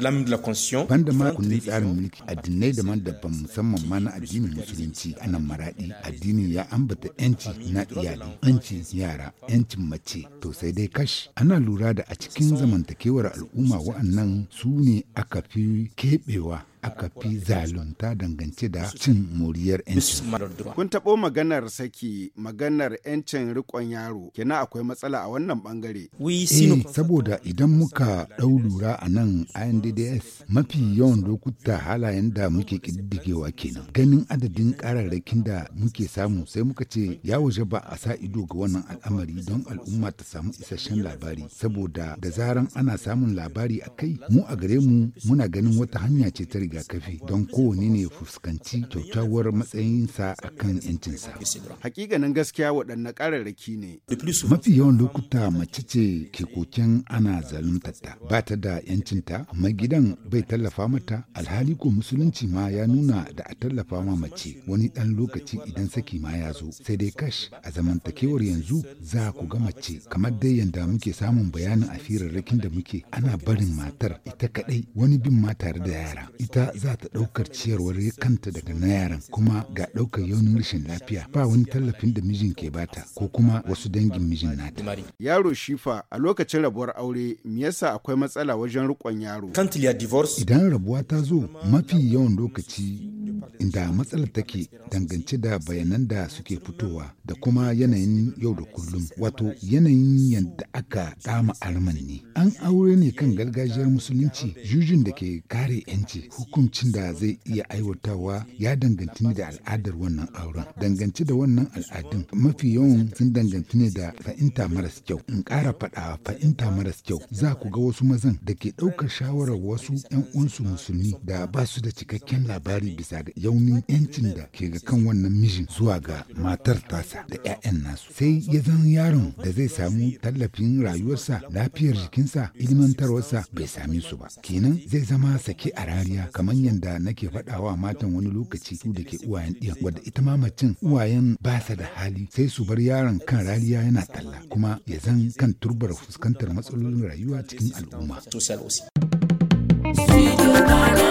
Banda ma tsarin mulki addinai daban-daban musamman ma na addinin musulunci a nan maraɗi addinin ya ambata yanci na iyali yancin yara yancin mace to sai dai kashi. ana lura da a cikin zamantakewar al'umma wa'annan su ne aka fi keɓewa aka fi zalunta dangance da cin moriyar 'yanci. Kun taɓo maganar saki maganar 'yancin rikon yaro kenan akwai matsala a wannan bangare. Eh, saboda idan muka ɗau lura a nan INDDS mafi yawan lokuta halayen da muke ƙididdigewa kenan. Ganin adadin ƙararrakin da muke samu sai muka ce ya waje ba a sa ido ga wannan al'amari don al'umma ta samu isasshen labari saboda da zaran ana samun labari a kai mu a gare mu muna ganin wata hanya ce ta rigakafi don kowane ne fuskanci kyaukyawar matsayinsa a kan ‘yancinsa. Hakikanin gaskiya waɗanne ƙararraki ne. Mafi yawan lokuta mace ce ke koken ana zaluntarta ba ta da ‘yancinta, gidan bai tallafa mata alhali ko musulunci ma ya nuna da a tallafa ma mace wani ɗan lokaci idan saki ma ya zo sai dai kash a zamantakewar yanzu za ku ga mace kamar dai yanda muke samun bayanin a firarrakin da muke ana barin matar ita kaɗai wani bin ma tare da yara ita ita za ta ɗaukar ciyarwar kanta daga na yaran kuma ga ɗaukar yaunin rashin lafiya ba wani tallafin da mijin ke bata ko kuma wasu dangin mijin nata. Yaro shifa a lokacin rabuwar aure me yasa akwai matsala wajen riƙon yaro? Idan rabuwa ta zo mafi yawan lokaci inda matsalar take dangance da bayanan da suke fitowa da kuma yanayin yau da kullum wato yanayin yadda aka dama alman ne an aure ne kan gargajiyar musulunci jujin da ke kare yanci hukuncin da zai iya aiwatawa ya danganci ne da al'adar wannan auren dangance da wannan al'adun mafi yawan sun danganci ne da fa'inta maras kyau in ƙara faɗa fahimta maras kyau za ku ga wasu mazan da ke ɗaukar shawarar wasu 'yan uwansu musulmi da ba su da cikakken labari bisa ga ma'aunin 'yancin da ke ga kan wannan mijin zuwa ga matar tasa da 'ya'yan nasu sai ya zan yaron da zai samu tallafin rayuwarsa lafiyar jikinsa ilimantarwarsa bai same su ba kenan zai zama sake a rariya kamar yadda nake faɗawa matan wani lokaci su da ke uwayen ɗiyan wadda ita ma macin uwayen ba sa da hali sai su bar yaron kan rariya yana talla kuma ya zan kan turbar fuskantar matsalolin rayuwa cikin al'umma. Studio Ghana.